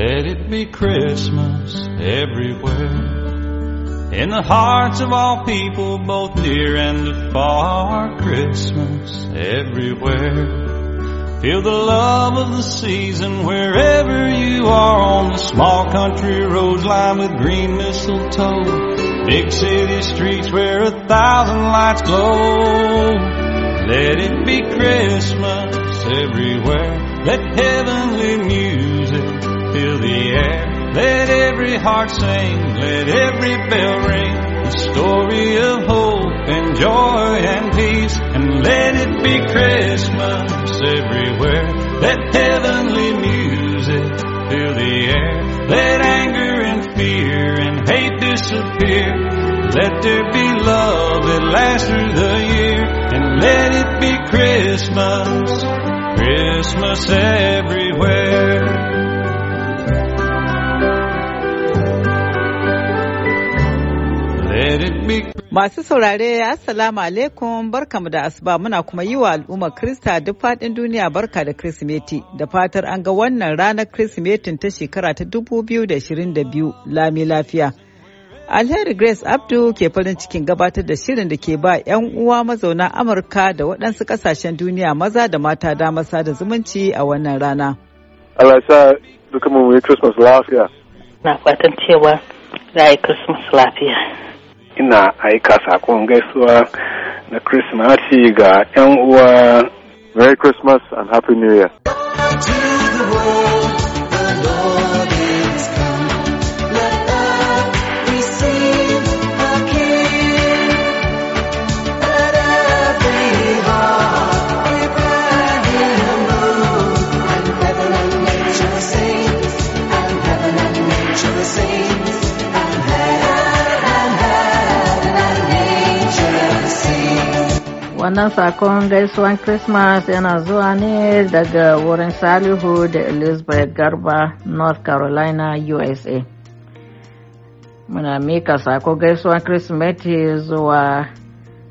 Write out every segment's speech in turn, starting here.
Let it be Christmas everywhere. In the hearts of all people, both near and far, Christmas everywhere. Feel the love of the season wherever you are on the small country roads lined with green mistletoe. Big city streets where a thousand lights glow. Let it be Christmas everywhere. Let heavenly music the air. Let every heart sing, let every bell ring. The story of hope and joy and peace. And let it be Christmas everywhere. Let heavenly music fill the air. Let anger and fear and hate disappear. Let there be love that lasts through the year, and let it be Christmas, Christmas everywhere. Masu saurare Assalamu alaikum mu da asuba muna kuma yi wa al'ummar Krista duk faɗin duniya barka da Kirsimeti da fatar an ga wannan ranar Kirsimetin ta shekara ta 2022 lami lafiya. Alheri Grace Abdu ke farin cikin gabatar da shirin da ke ba 'yan uwa mazauna Amurka da waɗansu ƙasashen duniya maza da mata damar sada zumunci a wannan rana. Allah sa duka mu yi Christmas lafiya. Na fatan cewa za a yi Christmas lafiya. ina aika sakon gaisuwa na Krismasi ga 'yan uwa. Merry Christmas and Happy New Year. wannan sakon gaisuwan Christmas yana zuwa ne daga wurin Salihu da Elizabeth Garba, North Carolina, USA. Muna mika sako gaisuwan christmas zuwa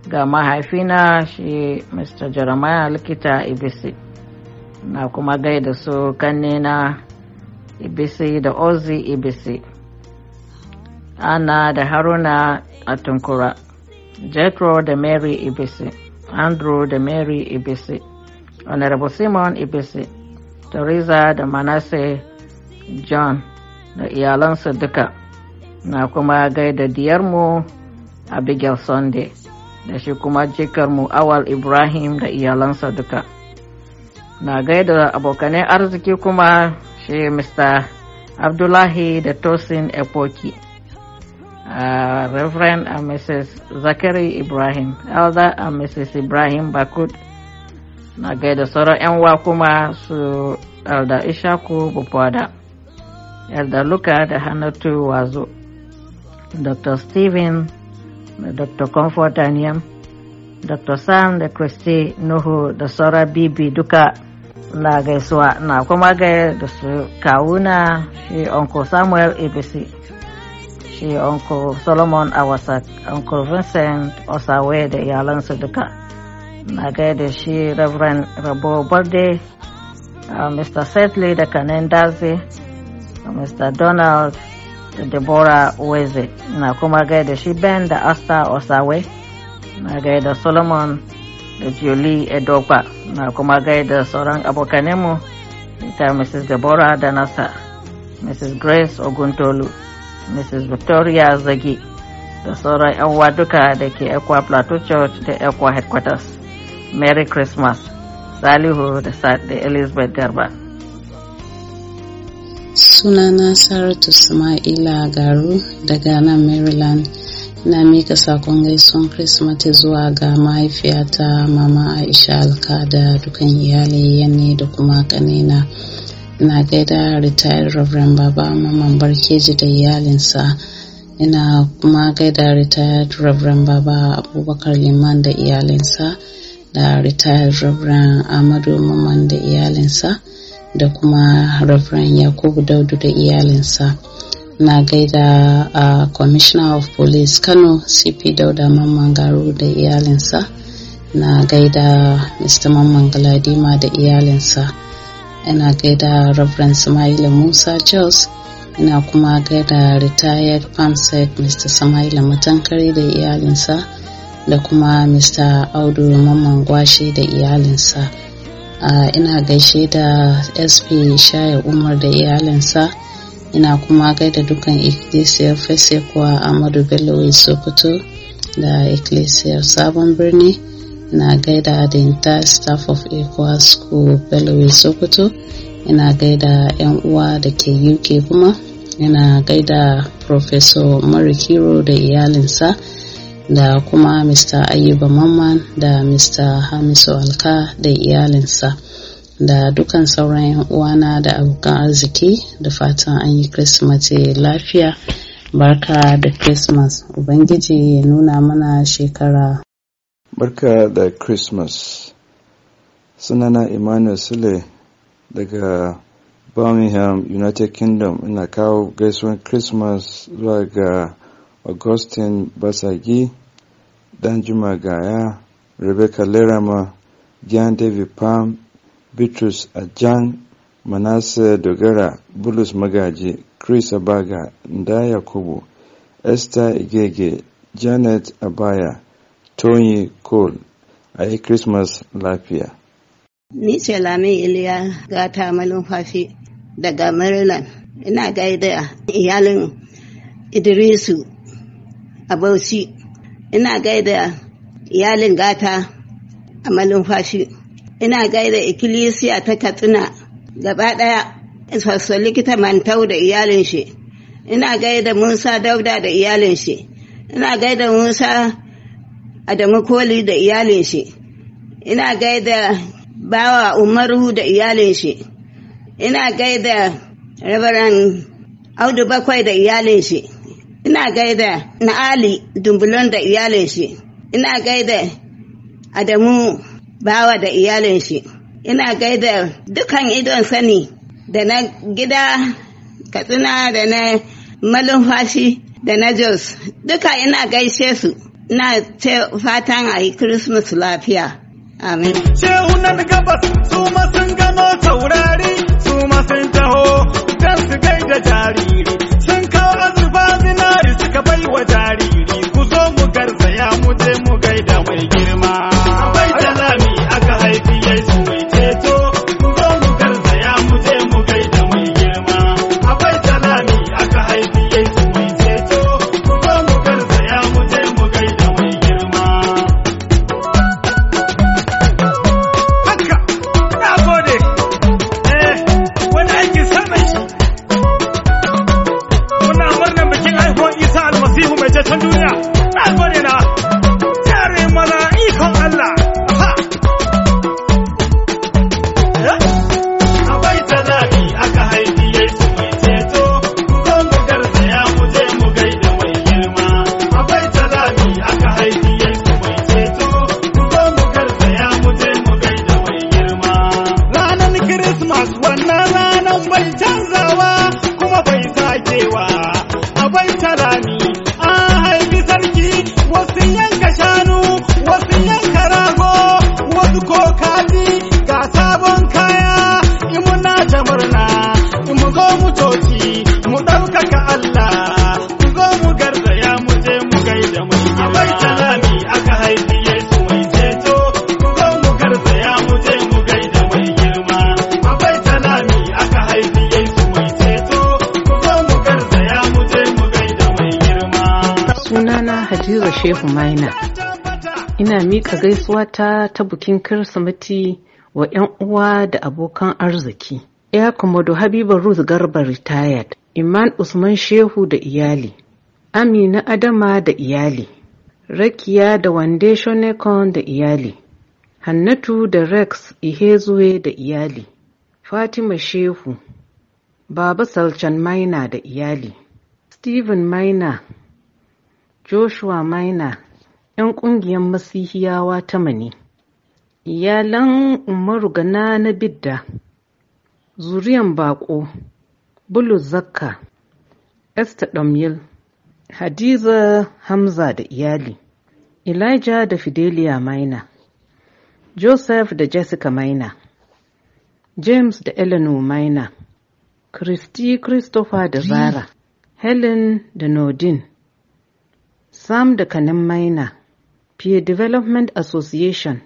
ga mahaifina shi Mr. Jeremiah Likita Ibisi. Na kuma gaida su kannena Ibisi da Ozi Ibisi. Ana da Haruna a Tunkura. Jethro da Mary Ibisi. Andrew da Mary Ibisi, Honorable Simon Ibisi, Teresa da Manasseh John da iyalansa duka, na kuma gaida diyarmu Abigail Sunday da shi kuma jikarmu Awal Ibrahim da iyalansa duka. Na gaida abokanai arziki kuma shi Mr. Abdullahi da Tosin Epoki. uh, Reverend and uh, Mrs. Zakari Ibrahim, Elder and uh, Mrs. Ibrahim Bakut, na gaida sauran 'yan uwa kuma su Elder Ishaku Bukwada, Elder Luka da Hannatu Wazo, Dr. Stephen da Dr. Comfort Daniel, Dr. Sam da Christy Nuhu da Sora Bibi duka na gaisuwa na kuma gaya da su kawuna shi Uncle Samuel ABC. shi uncle solomon awasak uncle vincent osawe da iyalansu duka na gaida shi reverend rabo Borde, uh, mr setley da kanin dazi mr donald da deborah weze na kuma gaida shi ben da asta osawe na gaida solomon da julie edogba na kuma gaida sauran abokanemu ita mrs deborah da nasa mrs grace oguntolu mrs victoria zage da sauran 'yan uwa duka da ke ekwa plateau church da ekwa headquarters merry christmas salihu da elizabeth garba sunana saratu sama'ila garu daga nan maryland na mika sakon gaison christmas zuwa ga mahaifiyata mama aisha alka da dukan iyalai yanni da kuma kanina na gaida retired reverend baba maman barkeji da iyalinsa ina kuma gaida retired reverend baba abubakar liman da iyalinsa da retired reverend amadu Mamman da iyalinsa da kuma reverend yakubu daudu da iyalinsa na gaida a uh, commissioner of police kano cp dauda mamman garu da iyalinsa na gaida mr mamman galadima da iyalinsa ina gaida Reverend Samaila Musa Jos ina kuma gaida retired site Mr. Samaila Matankare da iyalinsa da kuma Mr. Audu Mamman Gwashi da iyalinsa. Uh, ina gaishe da SP Shaya Umar da iyalinsa ina kuma gaida dukkan Ecclesiar Fesekwa Amadu Bello Sokoto da Ecclesiar Sabon Birni. ina gaida da entire staff of ecowas school bellowe sokoto ina gaida 'yan uwa da ke uk kuma ina gaida professor marikiro da iyalinsa da kuma mr ayuba mamman da mr hamisu alka da iyalinsa da dukan sauran 'yan uwana da abokan arziki da fatan an yi kirsimati lafiya barka da christmas ubangiji ya nuna mana shekara barka da christmas sunana emmanuel sule daga birmingham united kingdom ina kawo gaisuwan christmas zuwa ga augustine basagi Danjuma gaya rebecca lerama jan david Palm, bitrus ajan manasse dogara bulus magaji chris abaga nda yakubu esther igege janet abaya tony school a yi christmas lafiya ni ce lamin iliya gata malumfafi daga maryland ina gaida iyalin idrisu a bauchi ina gaida iyalin gata a malumfashi ina gaida ikilisiya ta katsina gaba ɗaya sassa likita mantau da iyalin shi ina gaida musa dauda da iyalin shi ina gaida musa Adamu Koli da iyalin shi, ina gaida bawa Umaru da iyalin shi, ina gaida Rabaran Audu Bakwai da iyalin shi, ina gaida Na'ali Dumbulon da iyalin shi, ina gaida Adamu Bawa da iyalin shi, ina gaida dukan idon sani da na gida Katsina da na malumfashi da na Jos, duka ina gaishe su. na ce fatan a yi Christmas lafiya. Amin. Shehunan gabas su sun gano taurari su sun taho don su gaida jariri. Sun kawo azurfa zinari suka bai wa jariri ku zo mu garzaya mu je mu gaida mai gida. Shehu Maina. Ina miƙa gaisuwata ta ta bukin Kirsimeti wa 'yan uwa da abokan arziki. Ya Komodo Habiba Ruth Garba retired, Iman Usman Shehu da iyali, Amina Adama da iyali, Rakiya da Wande Shonekon da iyali, Hannatu da Rex Ihezuwe da iyali, Fatima Shehu, Baba Salchan Maina da iyali, Stephen Maina Joshua Maina, 'yan ƙungiyar Masihiyawa ta Mani, iyalan Umaru Gana na Bidda, zuriyan Bako, Bulu Zakka, Esther Ɗamyil, Hadiza Hamza da iyali, Elijah da Fidelia Maina, Joseph da Jessica Maina, James da Eleanor Maina, Christy Christopher da Zara, Helen da Nordin. Sam da Kanin Maina, Peer Development Association,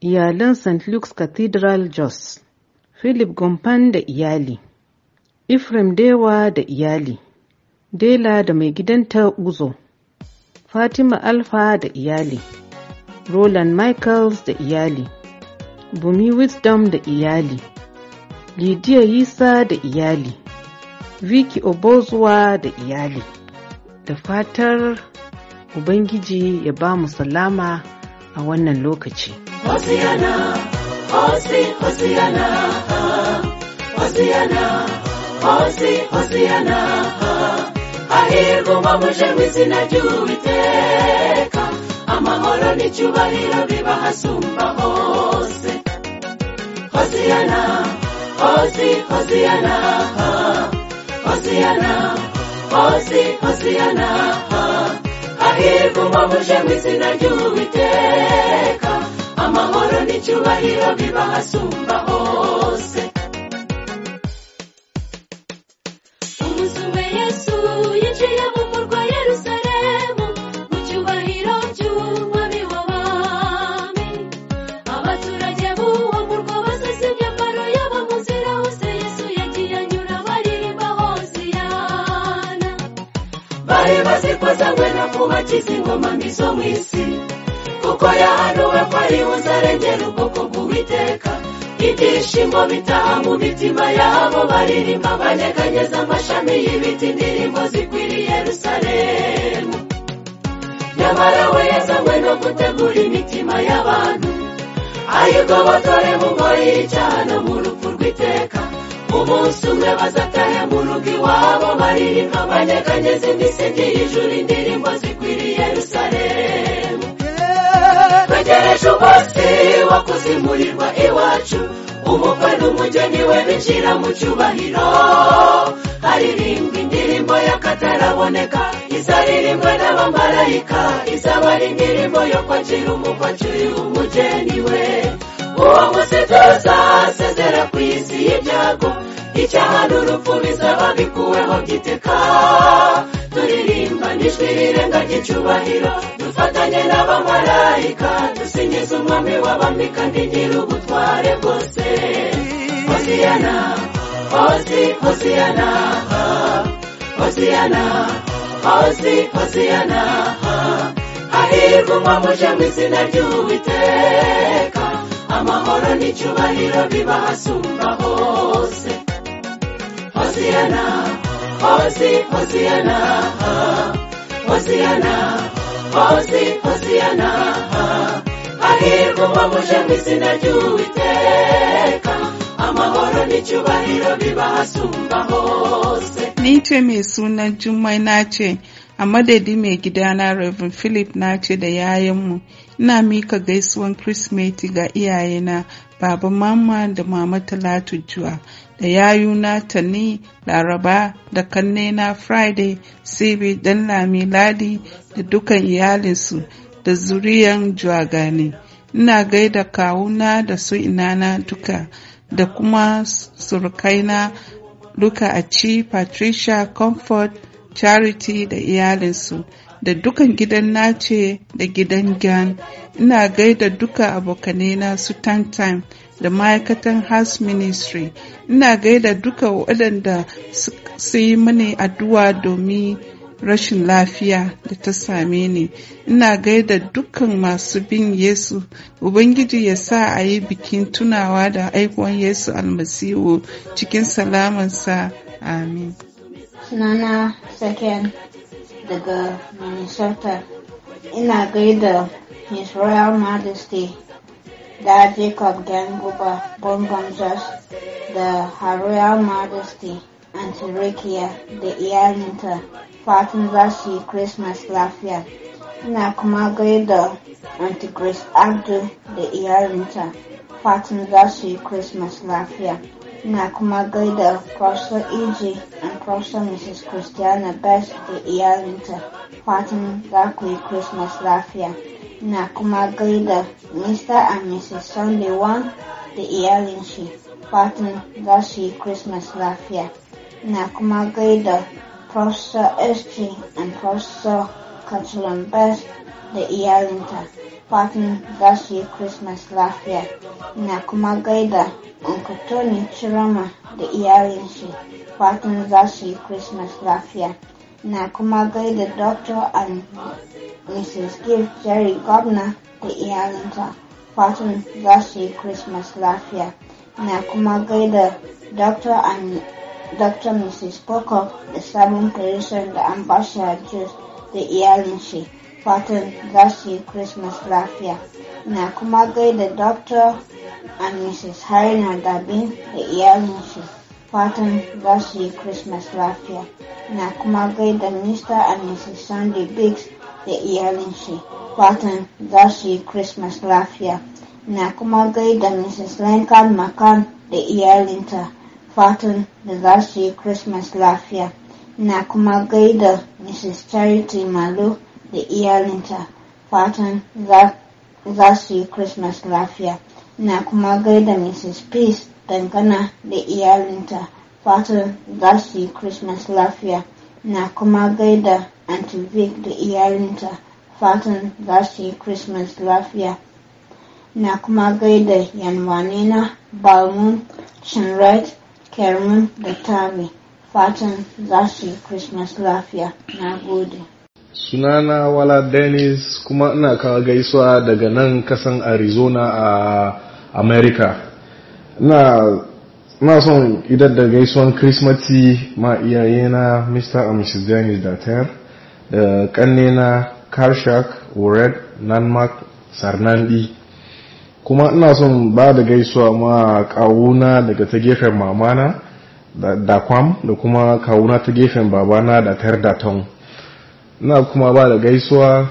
iyalan St. Luke's Cathedral Jos, Philip Gompan da iyali, Ephraim Dewa da iyali, Dela da mai gidanta Uzo, Fatima Alfa da iyali, Roland Michaels da iyali, Bumi Wisdom da iyali, Lidiya Yisa da iyali, Vicky Obozuwa da iyali. Da fatar Ubangiji ya ba mu salama a wannan lokaci. Hosiyana, hosi, hosiyana, hosiyana, hosi, hosiyana, hahirwa umwamuje mw'izina ry'Uwiteka, amahoro n'icyubahiro bibahasumba hose. Hosiyana, hosi, hosiyana, hosiyana, hosi, hosiyana, hosiyana hahirwa uba muje mu izina ry'uwiteka amahoro n'icyubahiro biba hasumba hose vaiva sikwaza wena kuvachizingo mamiso mwisi kuko yahano wekwaiunza renjerukoko kuwiteka ivishimo vitahamu mitima yavo varirima vanyekanyeza mashami yiviti ndirimo zikwiri yerusalemu nyamara weyeza mweno kuteguri mitima ya vanhu ayigovotore mungoyi icahano mu rupfu rw'iteka umunsi umwe bazatahe mu rugo iwabo baririmba banyeganyeza imiseke y'ijuru indirimbo zikwiriye rusaremu twegereje umunsi wo kuzimurirwa iwacu umukwe n'umugeni we bishyira mu cyubahiro haririmbwa indirimbo y'akataraboneka izaririmbwa n'abamarayika izaba ari indirimbo yo kwakira umukwe akiri umugeni we uwo munsi tuzasezera ku isi y'ibyago icyaha n'urupfu bizaba bikuweho giteka turirimba n'ijwi rirenga ry'icyubahiro dufatanye n'abamarayika dusingiza umwami w'abami kandi nyir'ubutware bwose hosiyana hosi hosiyana hosiyana hosi hosiyana hahirwa umwe mu izina ry'uwiteka amahoro n'icyubahiro biba hasumba hose hahirwa uba muje mu izina ry'uwiteka amahoro biba hasumba hose juma nace A madadi mai gidana Rev. Philip na ce da yayanmu, ina mika gaisuwan Kirsimeti ga iyayena Baba Mama da Mama Talatu Juwa, da yayuna Tani, Laraba, da kannena Friday, Sibi, Lami Ladi, da dukan iyalinsu, da zuriyan Juwa gani. Ina gaida kawuna da su inana duka, da kuma surukaina duka a ci Patricia, Comfort, charity da iyalinsu da dukan gidan nace da gidan gyan ina gaida duka abokanena su time da ma'aikatan house ministry ina gaida duka waɗanda su yi mini addu'a domin rashin lafiya da ta same ni ina gaida dukkan masu bin yesu ubangiji ya sa a yi bikin tunawa da aikon yesu almasihu cikin salamansa amin Nana Second daga Minnesota. Ina gaida His Royal Majesty da Jacob Ganguba Bongomjas da Her Royal Majesty and da iyalinta fatan za su yi Christmas lafiya. Ina kuma gaida Aunty Grace Abdu da iyalinta fatan za su yi Christmas lafiya. Nakumagoida crossed Iji and crossed Mrs. Christiana Best the iyalinta fatan za ku yi Christmas lafiya. Nakumagoida Mr. and Mrs. Sunday One da iyalin she fatan za su yi Christmas lafiya. Nakumagoida Professor Estri and Professor Catalan Best the da iyalinta partnerdashi Christmas lafiya. Ina kuma gaida Uncle Tony Chiroma da iyalin shi fatan za su Christmas lafiya. Ina kuma gaida Dr. and Mrs. Gift Jerry Governor da iyalinta fatan za su yi Christmas lafiya. Ina kuma gaida Dr. and Dr. Mrs. Pocock da sabon Parisian da Ambassador Juice da iyalin shi fatan za su Christmas lafiya. Na kuma the Dr. and Mrs. Harina Dabin the iyalinsu fatan za su Christmas lafiya. Na kuma the Mr. and Mrs. Sandy Biggs the iyalinsu fatan za su Christmas lafiya. Na kuma the Mrs. Lincoln McCann the iyalinta Father, da za Christmas lafiya. Na kuma the Mrs. Charity Malou, da iyalinta fatan za su yi Christmas lafiya. Na kuma gaida Mrs. Peace dangana da iyalinta fatan za su yi Christmas lafiya. Na kuma gaida Aunty Vic da iyalinta fatan za su yi Christmas lafiya. Na kuma gaida yanwanena Balmun, Shinrite, Kermun da Tami fatan za su yi Christmas lafiya. Na gode. sunana wala dennis kuma ina kawo gaisuwa daga nan kasan arizona a america na son idan da gaisuwan krismati ma iyayena mr and mrs dennis dater da kannena karshak wured nanmark sarnandi kuma ina son ba da gaisuwa ma kawuna daga ta gefen mamana da kwam da kuma kawuna ta gefen babana da tar da Na kuma ba da gaisuwa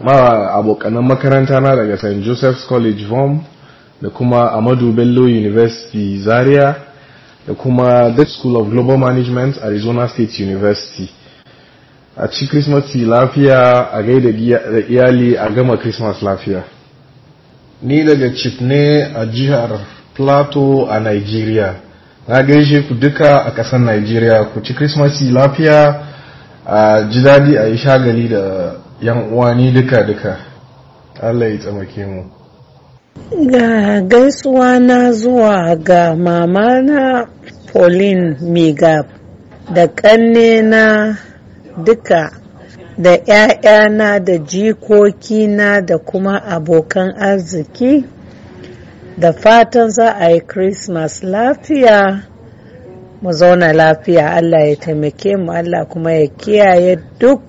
ma abokanan makaranta na daga st joseph's college vom da kuma amadu bello university zaria da kuma the school of global management arizona state university a ci christmas lafiya a gai da iyali a gama christmas lafiya ni daga chief a jihar plateau a nigeria na gaishe ku duka a ƙasar nigeria ku ci christmas lafiya a ji daɗi a yi shagali da yan uwani duka-duka allah ya tsamake mu ga gaisuwa na zuwa ga mamana pauline migab da ƙanne na duka da ‘ya'yana da jikokina da kuma abokan arziki da fatan za a yi christmas lafiya mu zauna lafiya Allah ya taimake mu Allah kuma ya kiyaye duk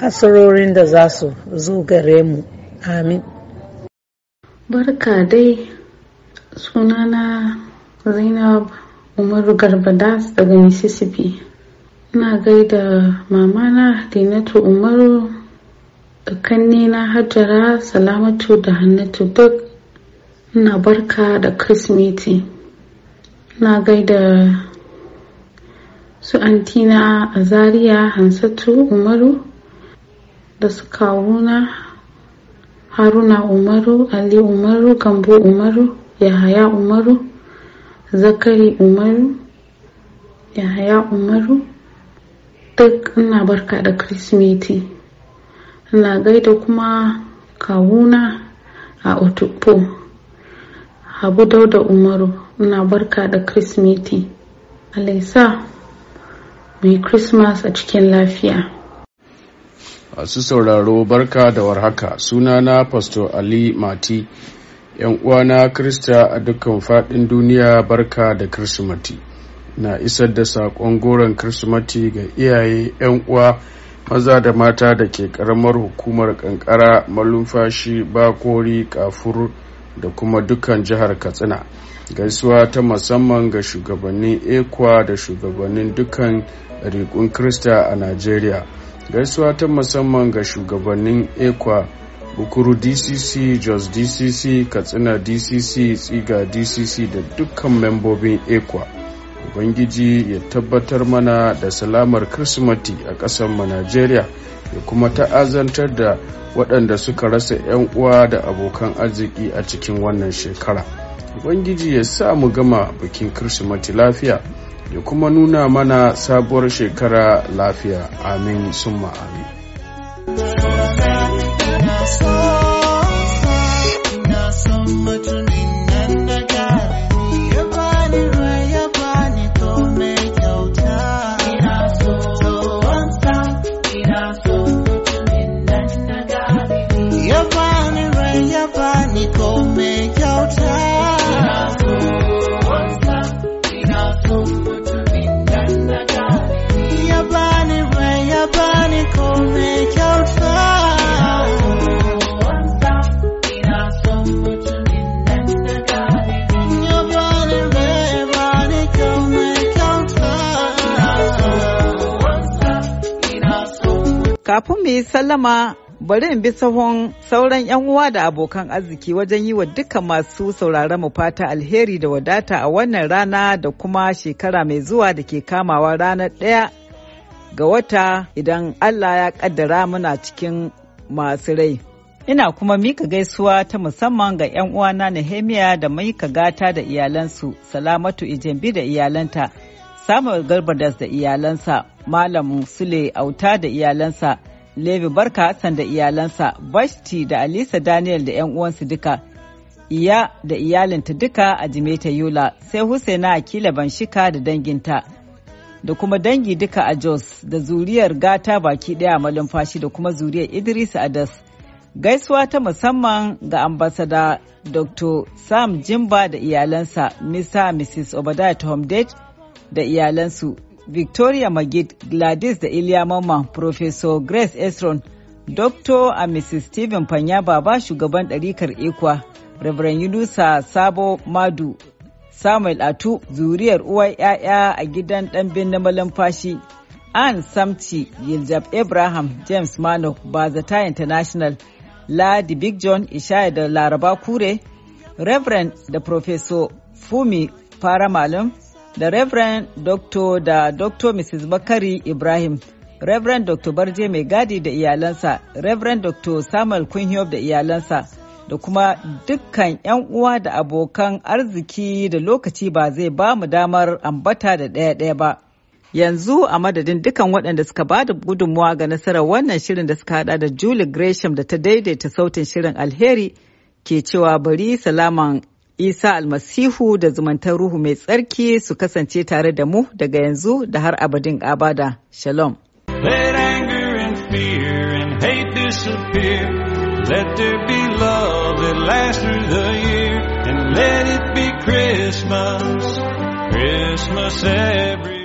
hasarorin da za su zo gare mu amin barka dai sunana zainab umaru garbadas daga mississippi ina gaida mamana dinatu umaru da na hajjara salamatu da hannatu duk na barka da kirsimeti na gaida su antina Zariya, hansatu umaru da su kawuna haruna umaru ali umaru gambo umaru yahaya umaru zakari umaru yahaya umaru duk ina barka da kirsimeti ina gaida kuma kawuna a otupo habu dauda umaru ina barka da kirsimeti alaisa ku yi Christmas a cikin lafiya. Masu sauraro barka da warhaka sunana Pastor Ali Mati, ‘yan uwana Krista a dukkan faɗin duniya barka da Kirsimati. Na isar da saƙon goron Kirsimati ga iyaye ‘yan uwa maza da mata da ke ƙaramar hukumar ƙanƙara malumfashi bakori kafur da kuma dukkan jihar Katsina. gaisuwa ta musamman ga shugabannin ekwa da shugabannin dukkan rikun krista a nigeria gaisuwa ta musamman ga shugabannin ekwa bukuru dcc jos dcc katsina dcc tsiga dcc da dukkan membobin ekwa ubangiji ya tabbatar mana da salamar kirsimati a ma nigeria ya kuma ta'azantar da waɗanda suka rasa 'yan uwa da abokan arziki a cikin wannan shekara ubangiji ya sa mu gama bikin kirsimati lafiya ya kuma nuna mana sabuwar shekara lafiya amin summa amin sallama bari in bi sahun sauran 'yan uwa da abokan arziki wajen yi wa duka masu sauraron mu fata alheri da wadata a wannan rana da kuma shekara mai zuwa da ke kamawa ranar ɗaya ga wata idan Allah ya kaddara muna cikin masu rai. Ina kuma mika gaisuwa ta musamman ga 'yan uwana Nehemiya da maika gata da iyalansu, Salamatu Ijembi da iyalanta, Samuel Garbadas da iyalansa, Malam Sule Auta da iyalansa, Levi Barka Hassan da iyalansa, basti da Alisa Daniel da 'yan uwansu duka, iya da iyalinta duka a Jimeta Yola, sai Husaina Akila Banshika da danginta, da kuma dangi duka a Jos da zuriyar gata baki ɗaya malumfashi da kuma zuriyar Idris Adas. Gaisuwa ta musamman ga ambasada Dr. Sam Jimba da iyalansa, Mr. Mrs. Obadiah Tomdate da iyalansu Victoria Magid, Gladys da Iliya Mamman, Professor Grace Esron, Dr. a Mrs. Stephen Fanya Baba shugaban ɗarikar Ikwa, Reverend Yunusa Sabo Madu, Samuel Atu, zuriyar uwar 'ya'ya a gidan ɗanbin na malamfashi. Ann Samti, Yiljab Abraham, James mano Bazata International, Ladi Big John, Ishaya da Laraba Kure, Reverend da Professor Fumi Fara Malam, da Reverend Dr. da Dr. Mrs. Bakari Ibrahim, Reverend Dr. Barje Mai Gadi da iyalansa, Reverend Dr. Samuel Kunhiyob da iyalansa, da kuma dukkan 'yan uwa da abokan arziki da lokaci ba zai ba mu damar ambata da ɗaya-ɗaya ba. Yanzu a madadin dukkan waɗanda suka ba da gudunmuwa ga nasarar wannan shirin da suka haɗa da Julie Gresham da ta daidaita sautin shirin alheri ke cewa bari salaman Isa almasihu da zumantar ruhu mai tsarki su kasance tare da mu daga yanzu da har abadin abada. Shalom. Let anger and Christmas every